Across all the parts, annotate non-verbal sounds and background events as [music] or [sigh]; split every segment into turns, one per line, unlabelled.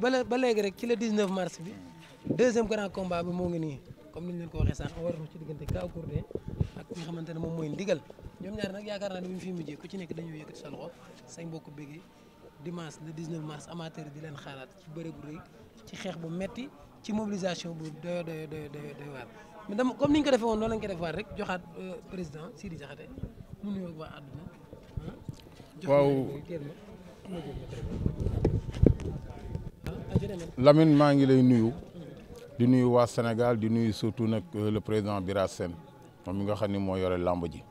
léegi ba léegi rek ci le 19 mars bi deuxième grand combat bi moo ngi nii comme ni leen ko waxee sànq war na ci diggante Kaw Gourdin ak ki nga xamante ne moom mooy ndigal ñoom ñaar nag yaakaar naa ne bu ñu fi mujjee ku ci nekk dañoo yëkkati sa loxo sañ mbokk bégee dimanche le 19 mars amateur di leen xaaraat ci bëre bu rëy ci xeex bu metti ci mobilisation bu doyo doyo doyo doyo waar dama comme ni ñu ko defee woon noonu lañ ko defee waat rek euh, président Sidi Diakhaté mu nuyoo waa àdduna
ah. waaw lamin maa ngi lay nuyu di nuyu waa Sénégal di nuyu surtout nag euh, le président Bira Sène moom mi nga xam ni moo yore làmb ji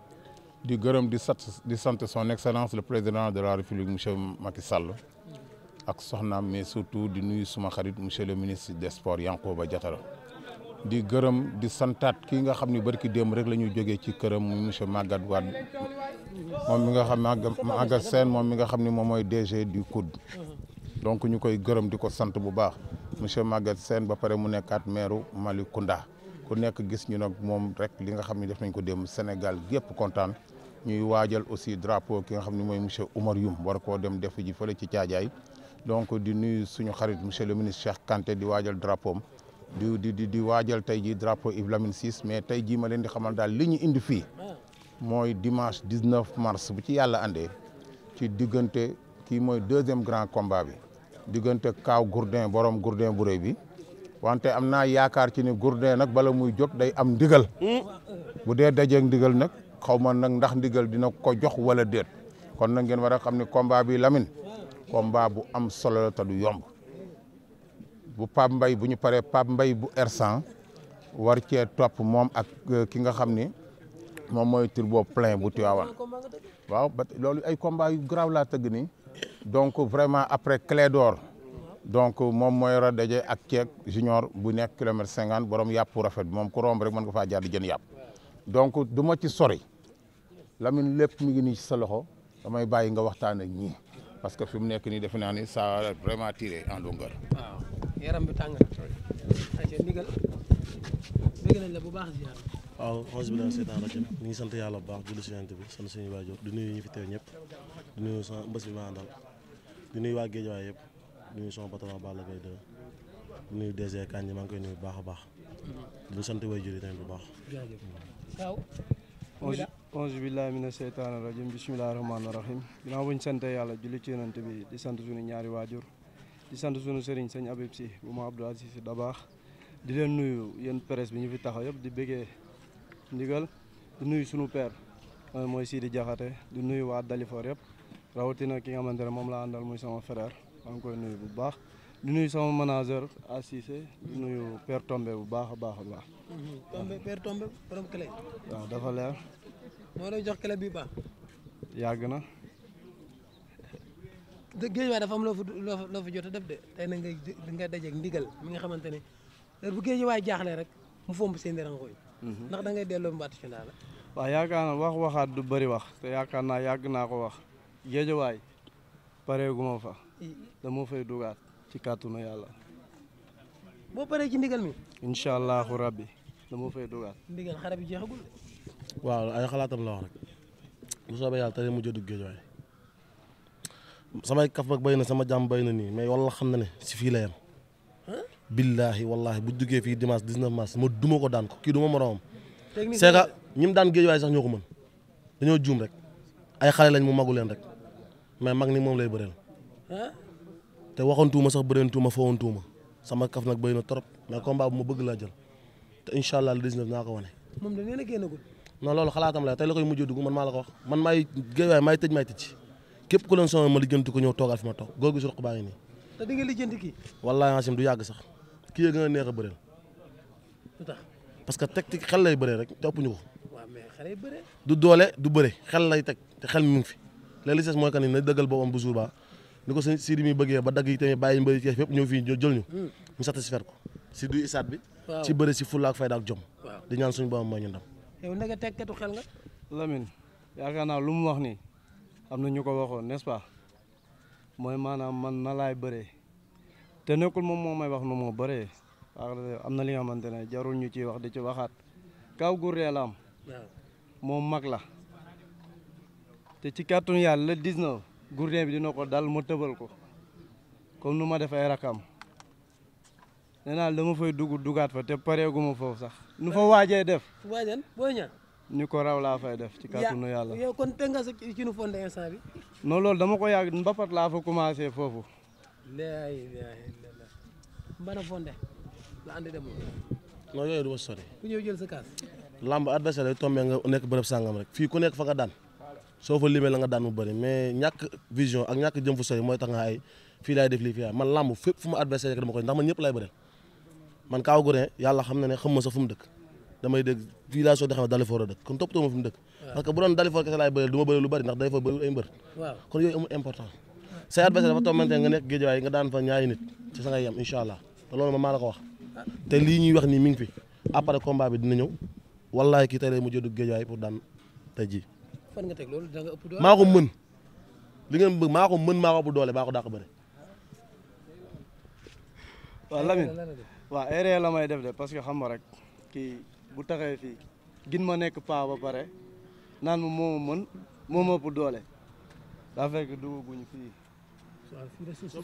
di gërëm di sant di sant son excellence le président de la république monsieur Macky Sall ak soxnaam mais surtout di nuyu suma xarit monsieur le ministre des sports ba Diattara di gërëm di santaat kii nga xam ni barki démb rek la ñu jógee ci këram muy monsieur Maguette Wade
moom mi nga xam Maguette Sène moom
mi nga xam ni moom mooy DG du COUD donc ñu koy gërëm di ko sant bu baax monsieur Maguette Sène ba pare mu nekkaat mali Malicounda ku nekk gis ñu nag moom rek li nga xam ne def nañ ko démb Sénégal gépp kontaan ñuy waajal aussi drapeau ki nga xam ne mooy monsieur Oumar Youm war koo dem def ji fële ci Caajaay donc di nuyu suñu xarit monsieur le ministre Cheikh Kanté di waajal drapeau di di di di waajal tey jii drapeau Yves Lamine mais tey jii ma leen di xamal daal li ñu indi fii mooy dimanche 19 mars bu ci yàlla andee ci diggante kii mooy deuxième grand combat bi diggante kaaw gourdin borom gourdin bu rëy bi wante am naa yaakaar ci ni gourdin nag bala muy jóg day am ndigal bu dee dajeeg ndigal nag xaw ma nag ndax ndigal dina ko jox wala déet kon nag ngeen war a xam ni combat bii lamin komba bu am solo ta du yomb bu Pape mbay bu ñu paree Pape Mbaye bu r war ce topp moom ak euh, ki nga xam ni moom mooy turbo plein bu Tivaouane waaw ba loolu ay combat yu garaaw laa tëgg nii donc vraiment après Clédor donc moom mooy yor a ak ceeb junior bu nekk kilomètre cinquante borom yàpp rafet bi moom ku romb rek mën nga faa jaar di jën yàpp donc du ma ci sori Lamine lépp mi ngi nii ci sa loxo damay bàyyi nga waxtaan ak ñii parce que fi mu nekk nii defe naa ni ça a vraiment tiré en longueur.
waaw yaram bi
ngi sant yàlla bu baax julli si
bi sant suñu waajur di di nuyu sama mbës bi ma àndal di nuyu waa Guédiawaye yëpp di nuyu sama patron Balla Gaye 2 di nuyu DG Kandji maa ngi koy nuyu bu baax a baax. di sant waajur yi tamit bu baax.
jaajëf mm.
waaw. auzu billaahi mina seytaani rajiim bismillaahi rahmaani rahiim ginnaaw bu ñu sant yàlla julli bi di sant suñu ñaari waajur di sant suñu sëriñ sëñ Abib si bu ma Abdou Aziz da baax di leen nuyu yéen presse bi ñu fi taxaw yëpp di bëggee ndigal di nuyu suñu père mooy di Diakhaté di nuyu waa Dalifor yëpp rawatina ki nga xamante ne moom laa àndal muy sama frère maa ngi koy nuyu bu baax di nuyu sama manager Assise di nuyu Père Tombe bu baax a baax a baax.
Mhm. Tombe Père Tombe waaw dafa leer. moo lay jox bi baax. yàgg na. te géej waay dafa am loo fa loo fa loo fa jot a def de tey na nga ndigal mi nga xamante ne bu géej waay jaaxlee rek mu fomb seen dérango yi. Mhm. ndax da delloo mbaatu ci ndax la.
waaw yaakaar naa wax waxaat du bëri wax yaakaar naa yàgg naa ko wax. géejawaay pareeguma fa dama fay dugaat ci kàttanu yàlla.
boo paree ci ndigal
mi. incha allahu rabbi dama fay dugaat.
ndigal xare bi jeexagul.
waaw ay xalaatam la wax rek
bu soobee yàlla tey mujj a dugg géejawaay samay kaf nag béy na sama jàmm béy na nii mais wala xam na ne si fii la yem. billaahi wallaahi bu duggee fii dimanche 19 mars ma duma ko daan ko kii duma moroomam. c'est que ñi mu daan géejawaay sax ñoo ko mën dañoo juum rek ay xale lañ mu magu leen rek. mais mag ni moom lay bëreel te waxantuuma sax bëreentuma foowantuuma sama kaf nag bëy na trop mais combat bu ma bëgg laa jël te incha allah le naa ko wane. moom da ngeen a génnagul. non loolu xalaatam la tey la koy mujjee dugg man maa la ko wax man maay géewaay maay tëj maay tëj képp ku leen sonal ma lijjanti ko ñëw toogal fi ma toog góor gi su roq baa ngi nii.
te di nga lijjanti kii.
wallaahi Asim du yàgg sax kii yëg nga neex a bëreel. lu parce que te ëpp ñu ko.
waaw mais xel lay bëree.
du doole du bëre xel léegi li ci mooy que ni na dëggal boppam bu jour ba ni ko sëñ Sidi mi bëggee ba dagg yi tamit bàyyi mbëri Cees yëpp ñëw fii jël ñu ñu hmm. fet ko si du isaat bi si bëri si fulla ak fay ak jom di ñaan suñu boo mooy ñu ndam
yow nga tekkatu xel nga Lamine yaakaar naa lu mu wax nii am na ñu ko waxoon n'est-ce mooy maanaam man na laay bëree te nekkul moom moom may wax nu moo bëree am na li nga xamante ne jarul ñu ciy wax di ci waxaat kaw gu ree la moom mag la te ci kàttanu yàlla le 19 gourdin bi dina ko dal ma tëbal ko comme nu ma def ay rakam nee naa dama fay dugg dugaat fa te pareeguma foofu sax nu fa waajee def.
waajal booy ñaan.
ni ko raw laa fay def. ci kàttanu yàlla yow
kon teg nga sa ci nu fonde instant bi.
non loolu dama ko yàgg mbapat laa fa commencé foofu.
laa ilaaha illallaah. mbana dem
non yooyu du ma sori. ku ñëw jël sa kaas. lamb adversaire yi tombé nga nekk bërëb sàngam rek fii ku nekk fa nga daan. soo fa limee la nga daan mu bëri mais ñàkk vision ak ñàkk jëm fu sori mooy tax nga ay fii laay def lii fii man làmb fépp fu adversaire rek dama koy ndax man ñëpp lay bëri man Kaw Gourdin yàlla xam na ne xam ma sax fu mu dëkk damay dégg fii laa soo de xam ne Dalifort a dëkk kon toppatoo ma fu mu dëkk du ma bëri lu bëri ndax Dalifort bëriwul ay mbër kon yooyu amul important say adversaire dafa tombante nga nekk géej waaye nga daan fa ñaari nit ci sa ngay allah te loolu ma wax nii mi ngi fi après combat bi dina ñëw wallaay kii tey lay mujjee dugg géej waaye pour daan ji
fan nga teg loolu da ëpp doole maa ko mën
li ngeen bëgg maa ko mën maa ko ëpp doole maa ko dàq bëre.
waaw Lamine waaw
erreur la may def de parce que xam nga rek kii bu taxee fii gin ma nekk paa ba pare naan ma moo ma doole daa fekk dugubuñu fii.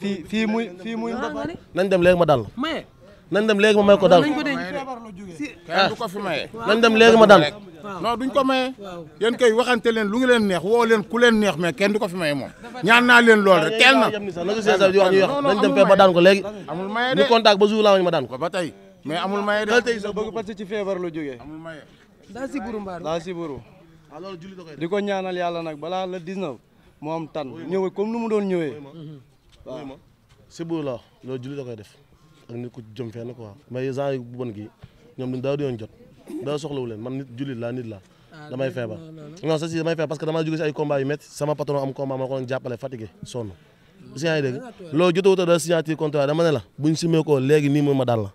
fii fii muy fii muy. Ah,
nañ dem léegi ma dal. nañ dem léegi ma may ko dal.
nañ dem léegi ma dal. non duñ ko maye yéen koy waxante leen lu ngi leen neex woo leen ku leen neex mais kenn du ko fi maye moom ñaan leen lool rek teel na di wax ñuy wax ko léegi amul maye de ñu contact
ma daan ko ba tey mais amul maye de tey si buru mbaar daa si buru ah, di ko ñaanal yàlla nag balaa le 19 moom tan ñëwee comme nu mu doon ñëwee waaw
si buru la loolu da koy def ak nit ku jëm fenn quoi mais genre bu bon gi ñoom dañ daa doon jot daa soxlawu leen man nit jullit laa nit laa ah, damay feebar non sa si damay feebar parce que damaa jóge si ay combat yu sama patron am combat ma ko doon jàppale fatigué si yaa ngi dégg loolu jotawuta da signature contrat dama ne la buñ simee ko léegi nii mu ma daal la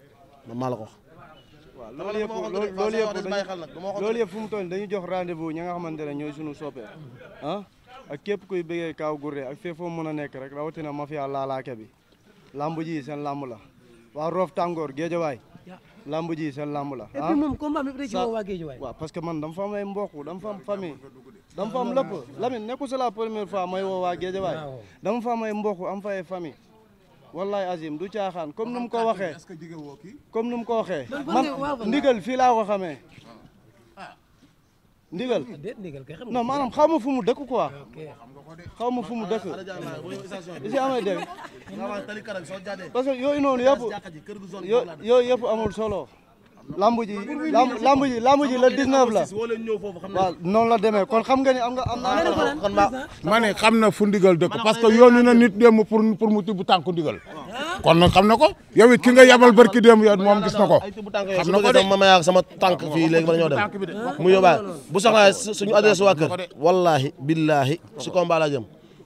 man maa la ko
ne ñooy suñu soppe ah ak képp kuy bëggee Kaw Gourdin ak fépp foo mën a nekk lamb ji seen lamb la. Ah. waa Géejawaay. parce que man dama fa am ay mbokk dama fa am famille. dama fa am lépp Lamine nekkul c'est woo waa Géejawaay. dama fa am ay mbokk am fa ay famille. wallaay Azim du caaxaan comme nu mu ko waxee. comme nu mu ko waxee. man ndigal fii ndigal ah, non maanaam xaw ma fu mu dëkk quoi ah, xaw ma fu mu dëkk ah, si amay dégg
parce que yooyu noonu yëpp yooyu
yëpp solo lamb ji la 19 la waaw noonu la demee kon xam nga ni am nga am naa kon na fu ndigal dëkk parce que yoonu na nit dem pour pour mu
tibb tànku ndigal kon nag xam na ko yow it ki nga yabal barki démb moom gis na ko
xam
na ko de ma mayaag sama tànk fii léegi bala ñoo dem mu yóbbaale bu soxlaa suñu adresse waa wallahi billahi su combat laa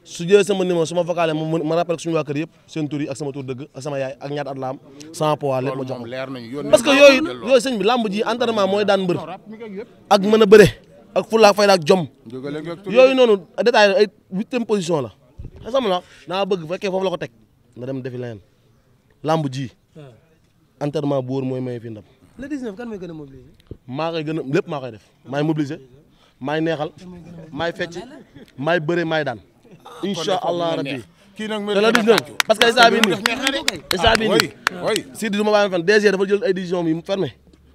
su jëlee sama numéro su ma vocalé ma rappel suñu waa kër yëpp seen tur yi ak sama tur dëgg ak sama yaay ak ñaata at la am sans poids lépp ma parce que yooyu yooyu sëñ bi làmb ji entraînement mooy daan mbër ak mën a bëre ak fulla ak fayda ak jom yooyu noonu détail ay huitième position la xam nga naa bëgg fekkee ko teg na dem defi leneen làmb ji. Ah. entraînement bu wóor mooy maye fii ndam. le
19 kan mooy gën a
maa koy gën a lépp maa koy def maay
kii nag mooy la 19 parce que instant bii nii instant
ah, ma bàyyi fan DG dafa jël ay décision yi mu fermé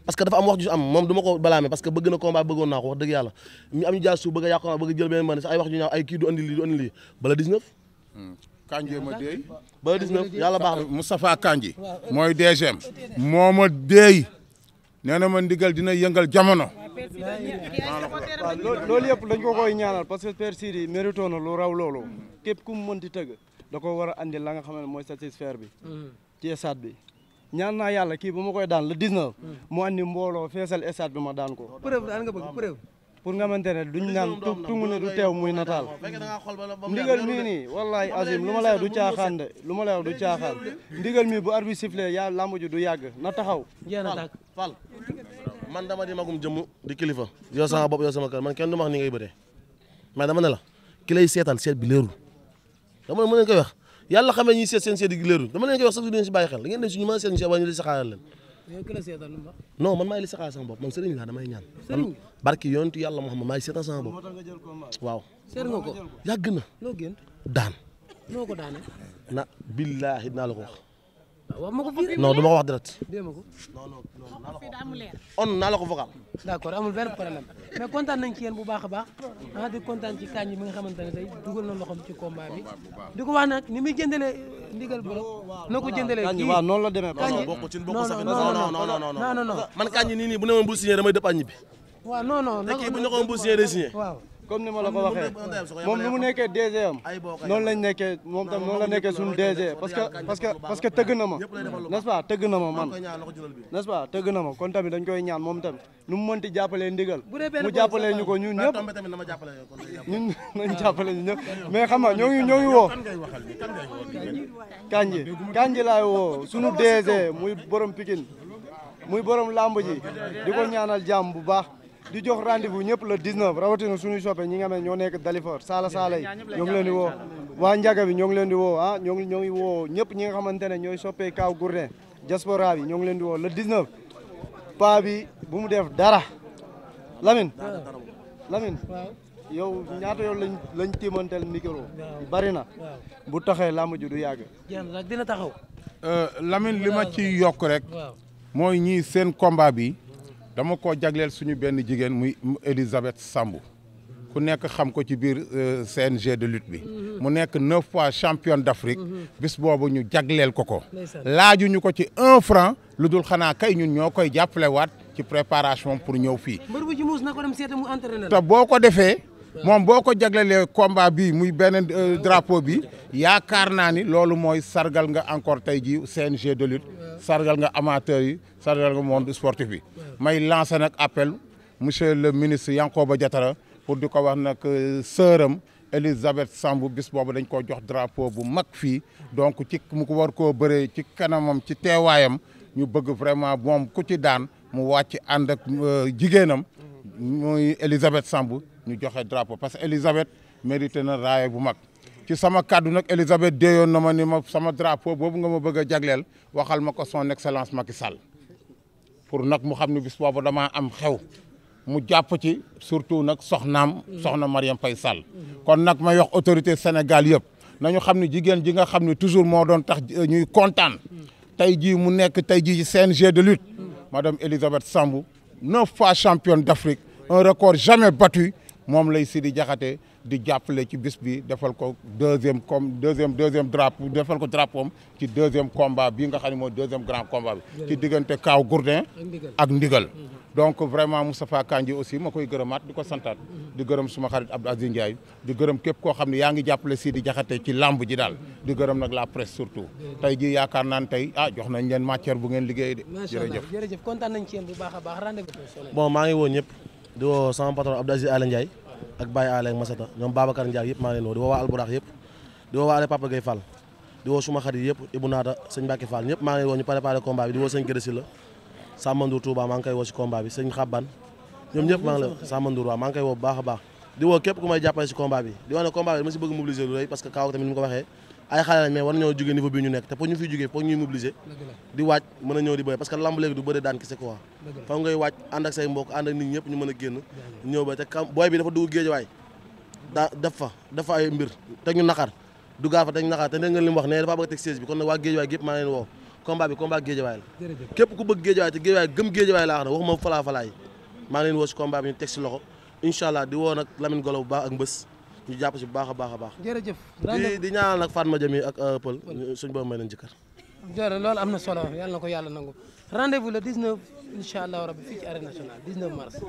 parce que dafa am wax ju am moom du ma ko balaame parce que bëgg na combat bëggoon naa ko wax dëgg yàlla ñu am ñu jaar suuf bëgg a yàq bëgg a ay wax ju ay kii du andi lii bala 19
Kanji ma deey ba 19 yàlla baax na Moustapha Kanji mooy DGM moo ma deey nee na ma ndigal dina yëngal jamono.
waaw loolu yëpp dañ ko koy ñaanal parce que Père Sidi mérito na lu raw loolu képp ku mu mënti tëgg da ko war a andi la nga xam ne mooy satisfaire bi ci estade bi ñaan naa yàlla kii bu ma koy daan le 19 mu andi mbooloo feesal estade bi ma daan ko preuve daan nga bëgg pour nga xamante ne duñ naan tu tungu ne du teew muy nataal
ndigal mii nii wallahi azim lu ma lay du caaxaan
de lu ma lay du caaxaan ndigal mii bu arbitre sifflé yaa lamb du yàgg na taxaw fal man dama di magum jëmm
di kilifa yow sama bopp yow sama kër man kenn du ma wax ni ngay bëree mais dama ne la ki lay seetaan seet bi leerul dama ne mën leen koy wax yàlla xamee ñuy seet seen seet du leen si bàyyi xel da si ñu a seet ñu si wala ñu di non man maay li saxaa sama bopp man sëriñ laa damay ñaan. sëriñ barki yonentu yàlla Muhammad maay seetaan sama
bopp waaw. seet nga ko yàgg na. loo gën daan. noo ko daane.
na billaahi dinaa la ko wax.
la ko on naa la ko vocal. d' accord amul benn problème mais kontaan nañ ci yéen bu baax a baax ah di kontaan ci kañ bi nga xamante ne tey dugal na loxoom ci combat bi di ko wax nag ni muy jëndalee. ndigal bu la
na ko jëndalee kii man kañ nii nii bu ne woon bu signé damay dëpp ñibbi waaw bu ne ko comme ni ma la ko waxee moom ni mu nekkee DG am noonu lañ nekkee moom tam noonu la nekkee suñu DG parce que parce que parce que tëgg na ma n'est-ce pas tëgg na ma man n'est-ce tëgg na ma kon tamit dañ koy ñaan moom tamit nu mu mënti jàppalee ndigal mu jàppalee ñu ko ñun ñëpp ñun [laughs] nañ jàppale ñu ñëpp mais xam nga ñoo ngi ñoo ngi woo kanji kanji laay woo sunu DG muy borom Pikine muy borom làmb ji di ko ñaanal jàmm bu baax di jox rendez-vous ñëpp le 19 rawatina suñuy soppe ñi nga xam ne ñoo nekk Dalifort Saala Saala yi ñoo leen di woo waa Njaga bi ñoo ngi leen di woo ah ñoo ngi ñoo woo ñëpp ñi nga xamante ne ñooy soppe Kaw Gourdin diaspora bi ñoo ngi leen di woo le 19 pa bi bu mu def dara Lamine Lamine yow ñaata yoon lañ lañ tiimantel micro bari na bu taxee làmb ji du yàgg
dina taxaw
euh, Lamine li ma ci yokk rek mooy ñii seen combat bi dama ko jagleel suñu benn jigéen muy Elisabeth sambu ku nekk xam ko ci biir seen euh, CNG de lutte bi mm-hmm. mu nekk neuf fois championne d'Afrique mm-hmm. bis boobu ñu jagleel ko ko laajuñu ko ci un franc lu dul xanaa kay ñun ñoo koy jàppale waat ci préparation pour ñëw fii ta boo ko defee moom boo ko jaglelee combat bi muy benn euh, drapeau bi yaakaar naa ni loolu mooy sargal nga encore tey ji CNG de lutte sargal nga amateur yi sargal monde sportif bi may lancé nag appel monsieur le ministre ba Diatara pour di ko wax nag euh, sëram Elisabeth Sambou bis boobu dañ koo jox drapeau bu mag fii donc ci mu ko war koo bëree ci kanamam ci teewaayam ñu bëgg vraiment moom ku ci daan mu wàcc ànd ak euh, jigéenam muy Elisabeth Sambou ñu joxe drapeau parce que Elisabeth mérité na raaya bu mag ci sama kàddu nag Elisabeth déeyoon na ma ni ma sama drapeau boobu nga ma bëgg a jagleel waxal ma ko son excellence Macky Sall pour nag mu xam ne bis boobu damaa am xew mu jàpp ci surtout nag soxnaam soxna mariam Faye Sall kon nag ma yox autorité Sénégal yëpp nañu xam ne jigéen ji nga xam ne toujours moo doon tax euh, ñuy kontaan tey jii mu nekk tey jii ci seen CNG de lutte madame Elisabeth sambu neuf fois championne d'Afrique un record jamais battu moom lay Sidi Diakhaté di jàppale ci bis bi defal ko deuxième comme deuxième deuxième drapeau defal ko drapeau am ci deuxième combat bii nga xam ne mooy deuxième grand combat bi ci diggante Kaaw Gourdin ak Ndigal mhm. donc vraiment Moustapha Kandji aussi ma koy gërëmaat di ko santaat mhm. di gërëm suma xarit Abdou Aziz Ndiaye di gërëm képp koo xam ne yaa ngi jàppale Sidi Diakhaté ci lamb ji daal mhm. di gërëm nag la presse surtout tey ji yaakaar naan tey ah jox nañ leen matière bu ngeen liggéey de jërëjëf
jërëjëf kontaan nañ bon maa
ngi woo ñëpp di woo sama patron Abdou Aziz Ala Ndiaye ak Baye Alé
ak Masata ñoom Babacar Ndiaye yëpp maa leen woo di woo waa Alburax yëpp di woo waa Alé Papa Gueye Fall di woo suma xarit yëpp Ibou Naata sëñ Mbacke Fall ñëpp maa woo ñu préparé combat bi di woo sëñ Gërësi la Samandour Touba maa ngi woo si combat bi sëñ Xabban ñoom ñëpp maa ngi la Samandour waaw maa woo bu a di woo képp ku may jàppale si combat bi di wax ne combat bi dama si bëgg mobiliser lu rëy parce que kaaw tamit ay xale lañ mais war nañoo jógee niveau bi ñu nekk te pour ñu fiy jógee foog ñuy mobiliser di waaj mën a ñëw di bëre parce que lamb léegi du bëre daan kese quoi fa ngay waaj ànd ak say mbokk ànd ak nit ñëpp ñu mën a génn ñëw ba ñu naqar du gaa ñu naqar te dégg a teg siège bi kon nag waa géej waay gépp maa leen woo combat bi ku bëgg géej waay te géej waay gëm géej waay laa na waxuma falaa falaa maa leen woo si combat bi ñu teg loxo incha di woo nag Lamine Golo bu baax ak mbës ñu jàpp si bu baax a baax a baax. jërëjëf. di di ñaanal nag Fatma Jami ak euh, Pël suñu borom may leen jëkkër.
jërëjëf loolu am na solo yàlla na ko yàlla nangu rendez-vous le 19 incha allah rabbi fii ci arène nationale 19 mars.